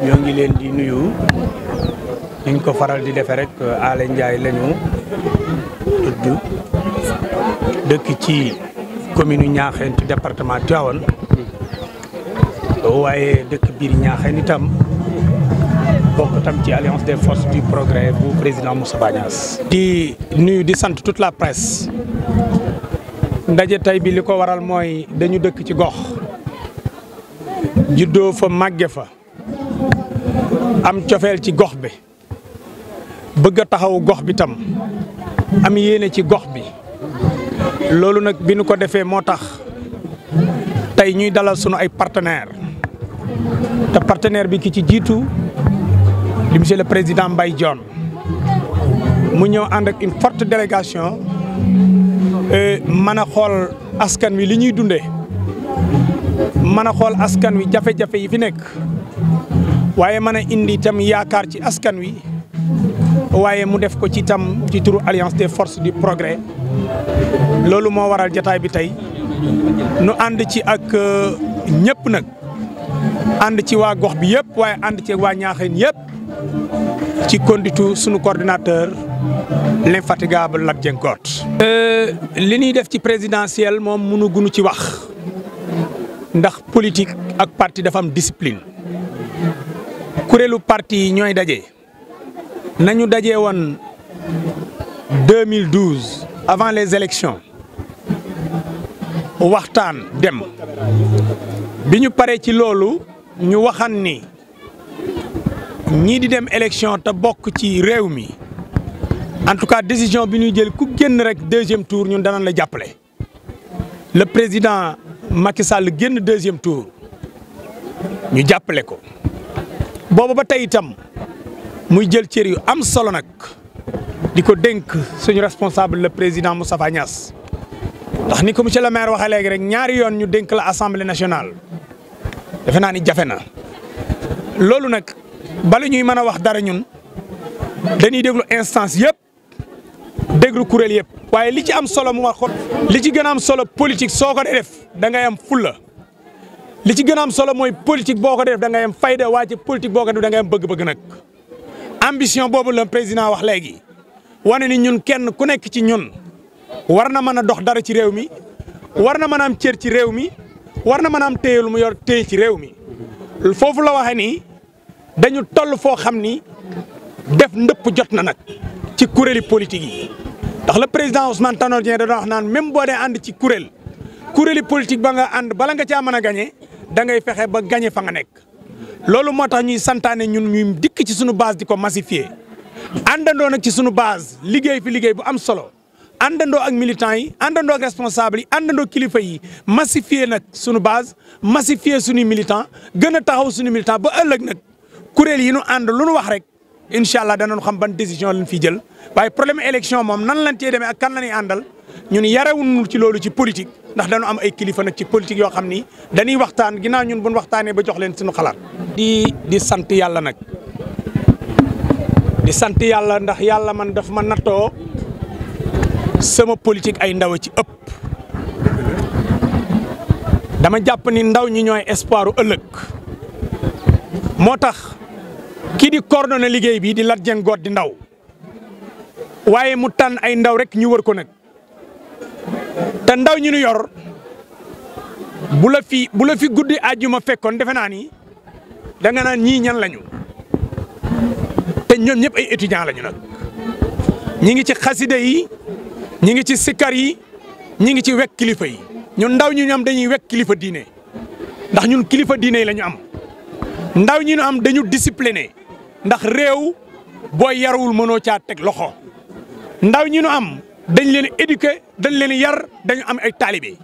ñoo ngi leen di nuyu niñ ko faral di defe rek Alé njaay lañu tudd dëkk ci commune Niakhène ci département Tivaouane waaye dëkk biir Niakhène itam bokk tam ci alliance des forces du progrès bu président Moustapha Niasse di nuyu di sant toute la presse ndaje tey bi li ko waral mooy dañu dëkk ci gox juddoo fa màgge fa am cofeel ci gox bi bëgg a taxaw gox bi tam am yéene ci gox bi loolu nag bi nu ko defee moo tax tey ñuy dalal sunu ay partenaire te partenaire bi ki ci jiitu di monsieur président Mbaye Dione mu ñëw ànd ak une porte délégation euh, mën a xool askan wi li ñuy dundee mën a xool askan wi jafe-jafe yi fi nekk waaye mën a indi tam yaakaar ci askan wi waaye mu def ko ci tam ci turu alliance des force du progrès loolu moo waral jataay bi tey nu ànd ci ak euh, ñëpp nag ànd ci waa gox bi yëpp waaye ànd ci waa ñaaxeen yëpp ci konditu sunu coordinateur l'infatigable fatigable Dieng Cote euh, li ñuy def ci présidentiel moom mënu gunu ci wax ndax politique ak parti dafa am discipline kuréelu parti yi ñooy daje nañu daje woon 2012 avant les élections waxtaan dem bi ñu paree ci loolu ñu waxan ni ñii di dem élection ta bokk ci réew mi en tout cas décision bi ñuy jël ku génn rek deuxième tour ñun danañ la jàppale le président. Macky Sall génn deuxième tour ñu jàppale ko boobu ba tey itam muy jël cër yu am solo nag di ko dénk suñu responsable le président Moustapha Niass ndax ni ko monsieur le maire waxee léegi rek ñaari yoon ñu dénk la assemblée nationale defe naa ni jafe na loolu nag bala ñuy mën a wax dara ñun dañuy déglu instance yëpp déglu kuréel yëpp waaye li ci am solo mu ma xol li ci gën a am solo politique soo ko def dangay am fulla li ci gën am solo mooy politique boo ko def dangay am fayda waaye ci politique boo ko def da am bëgg-bëgg nag ambition boobu la président wax léegi wane ni ñun kenn ku nekk ci ñun war na mën a dox dara ci réew mi war na mën a am cër ci réew mi war na mën a am téye lu mu yor téye ci réew mi foofu la waxee ni dañu toll foo xam ni def ndëpp jot na nag ci kuréeli politique yi ndax le président Ousmane di Dieng da doon naan même boo dee ànd ci kuréel kuréeli politique ba nga ànd bala nga caa mën a gañe da ngay fexe ba gañe fa nga nekk. loolu moo tax ñuy santaane ñun ñuy dikk ci suñu base di ko massifier àndandoo nag ci suñu base liggéey fi liggéey bu am solo àndandoo ak militants yi àndandoo ak responsable yi àndandoo kilifa yi massifier nag suñu base massifier suñuy militant gën a taxaw suñu militant ba ëllëg nag kuréel yi ñu ànd lu ñu wax rek. incha allah danañ xam ban décision lañ fi jël waaye problème élection moom nan lañ cee demee ak kan la ñuy àndal ñun yarewuñu ci loolu ci politique ndax dañu am ay kilifa nag ci politique yoo xam ni dañuy waxtaan ginnaaw ñun buñ waxtaanee ba jox leen suñu xalaat. di di sant yàlla nag di sant yàlla ndax yàlla man daf ma nattoo sama politique ay ndaw a ci ëpp dama jàpp ni ndaw ñi ñooy espoiru ëllëg moo tax. kii di coordonné liggéey bi di Lat Dieng Goor di ndaw waaye mu tànn ay ndaw rek ñu wër ko nag te ndaw ñu nu yor bu la fi bu la fi guddi àjjuma fekkoon defe naa ni da nga naan ñii ñan lañu te ñoom ñëpp ay étudiants lañu nag ñi ngi ci xasida yi ñi ngi ci sikkar yi ñi ngi ci wekk kilifa yi ñun ndaw ñu am dañuy wekk kilifa diine ndax ñun kilifa diine yi la am. ndaw ñi nu am dañu discipliné ndax réew boo yaruwul mënoo caa teg loxo ndaw ñi nu am dañ leen éduqué dañ leen yar dañu am ay taalibe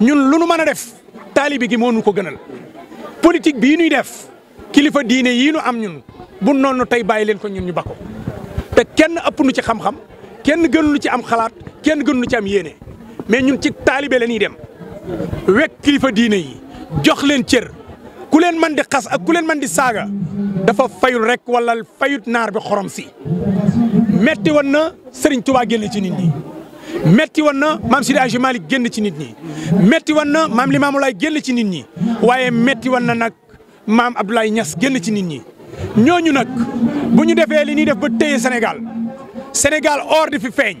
ñun lu nu mën a def taalibe gi moo nu ko gënal politique bii nuy def kilifa diine yii nu am ñun bu noonu tey bàyyi leen ko ñun ñu bako te kenn ëpp nu ci xam-xam kenn gënul ci am xalaat kenn gënu ci am yéene mais ñun ci taalibe la ñuy dem wekk kilifa diine yi jox leen cër. ku leen mën di xas ak ku leen mën di saaga dafa fayul rek walla fayut naar bi xorom si metti woon na Serigne Touba génn ci nit ñi metti woon na maam Sidi Hadji génn ci nit ñi metti woon maam Limamou Laye génn ci nit ñi waaye metti woon na nag maam Abdoulaye ñas génn ci nit ñi ñooñu nag bu ñu defee li ñuy def ba téye Sénégal Sénégal or di fi feeñ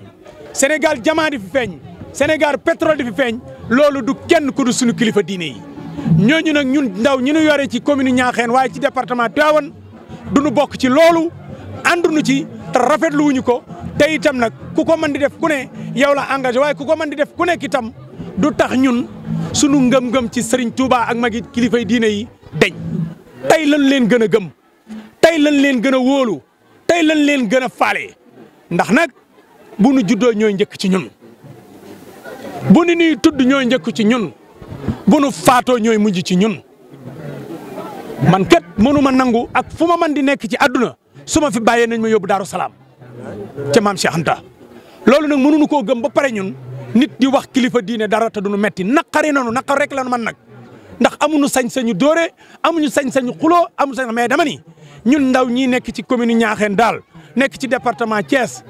Sénégal jamaa di fi feeñ Sénégal pétrole di fi feeñ loolu du kenn ku du suñu kilifa diine yi ñooñu nag ñun ndaw ñu nu yore ci commune Niakhène waaye ci département Tivaouane du nu bokk ci loolu ànduñu ci te rafetluwuñu ko tey itam nag ku ko mën di def ku ne yow la engagé waaye ku ko mën di def ku nekk itam du tax ñun sunu ngëm-ngëm ci Serigne Touba ak magi kilifay diine yi deñ tey lañ leen gën a gëm tey lañ leen gën a wóolu tey lañ leen gën a faale ndax nag bu nu juddoo ñooy njëkk ci ñun bu nu ñuy tudd ñooy njëkk ci ñun bu nu faatoo ñooy mujj ci ñun man kat mënuma nangu ak fu ma man di nekk ci àdduna su ma fi bàyyee nañ ma yóbbu Daaru Salaam ca maam Cheikh loolu nag mënuñu koo gëm ba pare ñun nit di wax kilifa diine dara te duñu metti naqari nanu naqar rek lan man nag ndax amuñu sañ-sañu dóore amuñu sañ-sañu xuloo amuñu sañ mais dama ni ñun ndaw ñi nekk ci commune Niakhène daal nekk ci département Thiès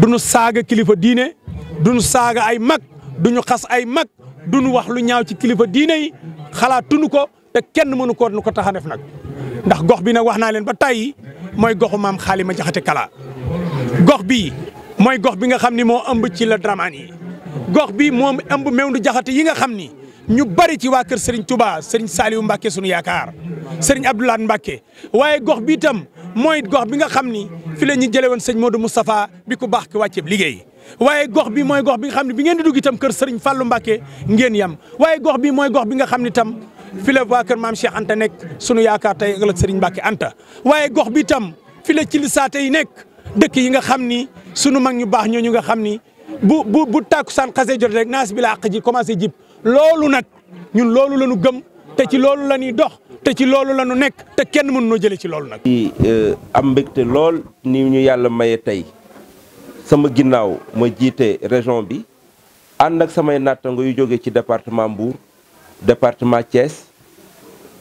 duñu saaga kilifa diine duñu saaga ay mag duñu xas mag duñu wax lu ñaaw ci kilifa diine yi xalaatuñu ko te kenn mënu koon nu ko tax a def nag ndax gox bi nag wax naa leen ba tàyyi mooy goxu maam xaalima jaxate kala gox bi mooy gox bi nga xam ni moo ëmb ci la dramaan yi gox bi moom ëmb mewndu jaxate yi nga xam ni ñu bari ci waa kër Serigne Touba Serigne Saliou Mbacke sunu yaakaar Serigne Abdoulaye Mbacke waaye gox bi itam mooy gox bi nga xam ni fi la ñu jëlee woon sëñ moo Modou Moustapha bi ku baax ki wàcceeb liggéey waaye gox bi mooy gox bi nga xam ne bi ngeen di dugg itam kër Serigne Fallou Mbacké ngeen yam waaye gox bi mooy gox bi nga xam ni tam fi la waa kër maam Cheikh Anta nekk sunu yaakaar tey ëllëg Serigne Anta waaye gox bi itam fi la ci lisaate yi nekk dëkk yi nga xam ni sunu mag ñu baax ñooñu nga xam ni bu bu bu tàkkusaan xasee jot rek naas bi la àq ji commencé jib loolu nag ñun loolu la ñu gëm te ci loolu la ñuy dox te ci loolu la ñu nekk te kenn mënu noo jëlee ci loolu nag. Euh, am mbégte lool ni ñu yàlla maye tey. sama ginnaaw ma jiite région bi ànd ak samay nattango yu jóge ci département Mbour département Thiès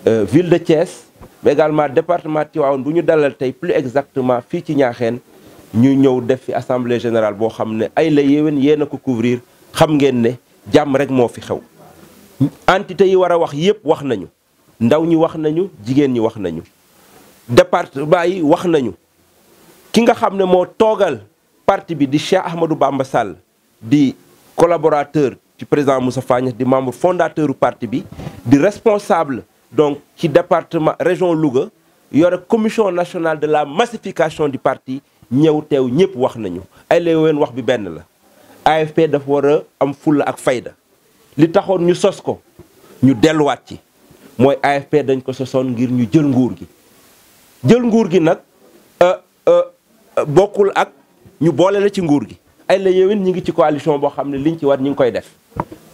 euh, ville de Thiès mais également département Tivaouane bu ñu dalal tey plus exactement fii ci Ñaaxeen ñu ñëw def fi assemblée générale boo xam ne ay la yéwén yéen a ko couvrir xam ngeen ne jàmm rek moo fi xew entité yi war a wax yépp wax nañu ndaw ñi wax nañu jigéen ñi wax nañu département yi wax nañu ki nga xam ne moo toogal parti bi di Cheikh Ahmadou Bamba Sall di collaborateur ci président Moussa Fagna di membre fondateur parti bi di responsable donc ci département région Louga yore commission nationale de la massification du parti ñëw teew ñëpp wax nañu ay la ween wax bi benn la AFP dafa war am fulla ak fayda li taxoon ñu sos ko ñu delluwaat ci mooy AFP dañ ko sosoon ngir ñu jël nguur gi jël nguur gi nag euh, euh, bokkul ak ñu boole la ci nguur gi ay la yéwén ñi ngi ci coalition boo xam ne liñ ci war ñu ngi koy def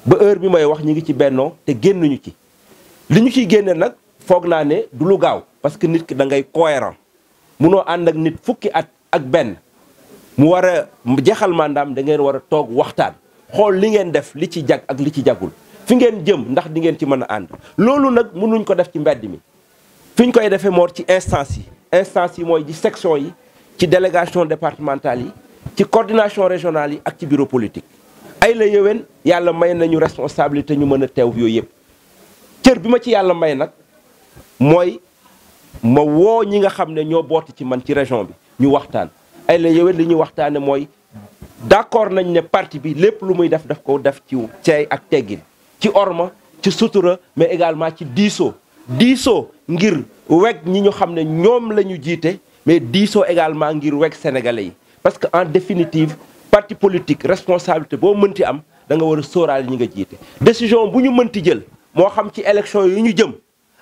ba heure bi may wax ñi ngi ci bennoo te génnuñu ci li ñu ciy génne nag foog naa ne du lu gaaw parce que nit ki dangay ngay cohérent munoo ànd ak nit fukki at ak benn mu war a jeexal mandaam da ngeen war a toog waxtaan xool li ngeen def li ci jag ak li ci jagul fi ngeen jëm ndax di ngeen ci mën a ànd loolu nag mënuñ ko def ci mbedd mi fi ñu koy defee moor ci instance yi instance yi mooy ci section yi ci délégation départementale yi ci coordination régionale yi ak ci bureau politique ay la yéwén yàlla may nañu responsabilité ñu mën a teew yooyu yëpp cër bi ma ci yàlla may nag mooy ma woo ñi nga xam ne ñoo booti ci man ci région bi ñu waxtaan ay la yéwén li ñuy waxtaane mooy d'accord nañ ne partie bi lépp lu muy def def ko def ci ceey ak teggin ci orma ci sutura mais également ci diisoo diisoo ngir weg ñi ñu xam ne ñoom la ñu jiite mais diisoo également ngir weg sénégalais yi parce que en définitive parti politique responsabilité boo mënti am danga nga war a sóoraale ñi nga jiite. décision bu ñu mënti jël moo xam ci élection yi ñu jëm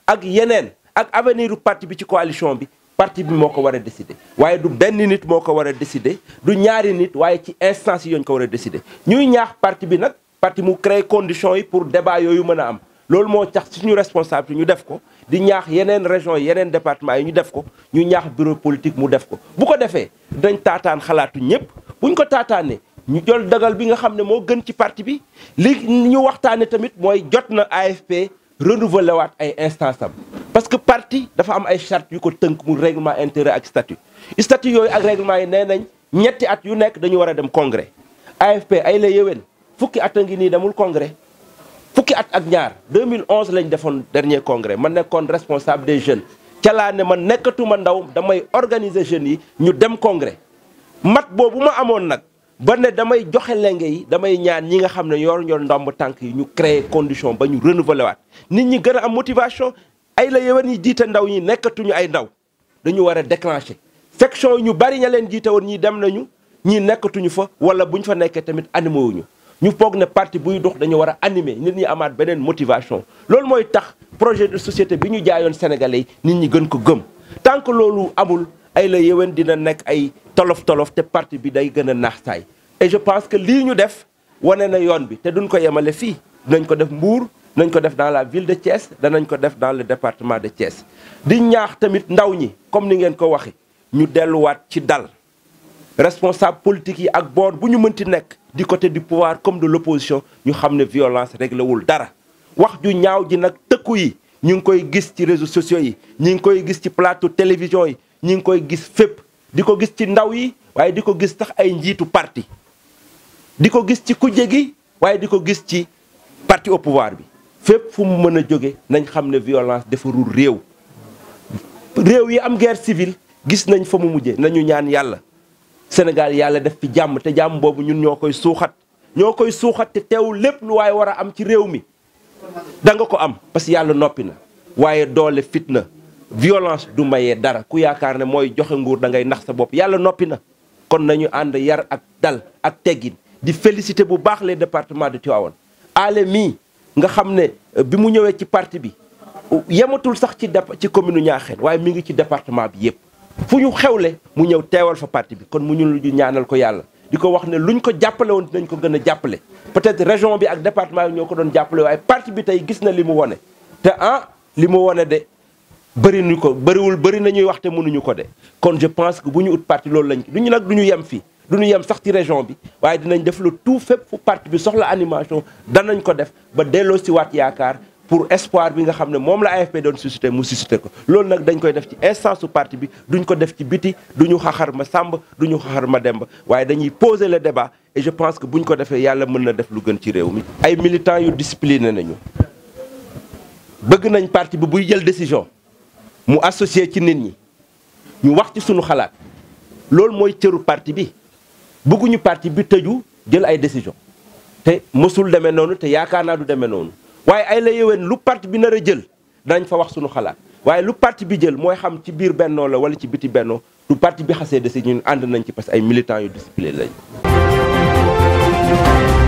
ak yeneen ak avenir parti bi ci coalition bi parti bi moo ko war a décider waaye du benn nit moo ko war a décider du ñaari nit waaye ci instance yi ñu ko war a décider ñuy ñaax parti bi nag parti mu créer conditions yi pour débat yooyu mën a am loolu moo tax suñu responsabilité ñu def ko. di ñaax yeneen région yeneen département yi ñu def ko ñu ñaax bureau politique mu def ko bu ko defee dañ taataan xalaatu ñëpp buñ ko taataanee ñu jël dagal bi nga xam ne moo gën ci parti bi li ñu waxtaane tamit mooy jot na AFP renouveler waat ay instance am parce que parti dafa am ay charte yu ko tënk mu règlement intérieur ak statut statut yooyu ak règlement yi nee nañ ñetti at yu nekk dañu war a dem congrès AFP ay la yéwén fukki at a ngi nii demul congrès fukki at ak ñaar 2011 lañ defoon dernier congrès ma nekkoon responsable des jeunes ca laa ne ma nekkatuma ndaw damay organiser jeunes yi ñu dem congrès mat boobu ma amoon nag ba ne damay joxe lenge yi damay ñaan ñi nga xam ne yor ñor ndomb tànk yi ñu crée condition ba ñu renouveler waat nit ñi gën a am motivation ay la yéwén yi jiite ndaw ñi nekkatuñu ay ndaw dañu war a déclencher section ñu bari ña leen jiite woon ñi dem nañu ñi nekkatuñu fa wala buñ fa nekkee tamit animé wuñu ñu foog ne parti buy dox dañu war a animer nit ñi amaat beneen motivation loolu mooy tax projet de société bi ñu jaayoon sénégalais nit ñi gën ko gëm tant que loolu amul ay la yéwén dina nekk ay tolof tolof te parti bi day gën a naax saay et je pense que lii ñu def wane na yoon bi te duñ ko yemale fii nañ ko def Mbour nañ ko def dans la ville de Thiès danañ ko def dans le département de Thiès di ñaax tamit ndaw ñi comme ni ngeen ko waxe ñu delluwaat ci dal responsable politique yi ak boor bu ñu mënti nekk du côté du pouvoir comme de l'opposition ñu xam ne violence réglewul dara wax ju ñaaw ji nag tëkku yi ñu ngi koy gis ci réseau sociaux yi ñu ngi koy gis ci plateau télévision yi ñu ngi koy gis fépp di ko gis ci ndaw yi waaye di ko gis tax ay njiitu parti di ko gis ci kujje gi waaye di ko gis ci parti au pouvoir bi fépp fu mu mën a jóge nañ xam ne violence defarul réew réew yi am guerre civile gis nañ fa mu mujje nañu ñaan yàlla Sénégal yàlla def fi jàmm te jàmm boobu ñun ñoo koy suuxat ñoo koy suuxat te teewul lépp lu waaye war a am ci réew mi da nga ko am parce que yàlla noppi na waaye doole fitna violence du mayee dara ku yaakaar ne mooy joxe nguur da ngay nax sa bopp yàlla noppi na kon nañu ànd yar ak dal ak teggin di féliciter bu baax les départements de Tivaouane ale mii nga xam ne euh, bi mu ñëwee ci parti bi euh, yematul sax ci ci commune Niakhène waaye mi ngi ci département bi yëpp fu ñu xewle mu ñëw teewal fa parti bi kon mu ñu lu ñaanal ko yàlla di ko wax ne lu ñu ko jàppale woon dinañ ko gën a jàppale peut-être région bi ak département bi ñoo ko doon jàppale waaye parti bi tey gis na li mu wone te ah li mu wone de bëri ñu ko bëriwul bëri nañuy wax te mënuñu ko de kon je pense que bu ñu ut parti loolu lañ ñu nag du ñu yem fii du ñu yem sax ci région bi waaye dinañ def le tout fépp fu parti bi soxla animation danañ ko def ba delloo si waat yaakaar pour espoir bi nga xam ne moom la AFP doon suscité mu suscité ko loolu nag dañ koy def ci instance su parti bi duñ ko def ci biti duñu xaxar ma sàmb duñu xaxar ma demb waaye dañuy poser le débat et je pense que buñ ko defee yàlla mën na def lu gën ci réew mi. ay militants yu discipliné nañu bëgg nañ parti bi buy jël décision mu associé ci nit ñi ñu wax ci suñu xalaat loolu mooy cëru parti bi bëgguñu parti bi tëju jël ay décision te mosul demee noonu te yaakaar naa du demee noonu. waaye ay la yéwén lu parti bi nar a jël danañ fa wax suñu xalaat waaye lu parti bi jël mooy xam ci biir bennoo la wala ci biti bennoo lu parti bi xasee de si ñun ànd nañ ci parce que ay militants yu discipliné lañ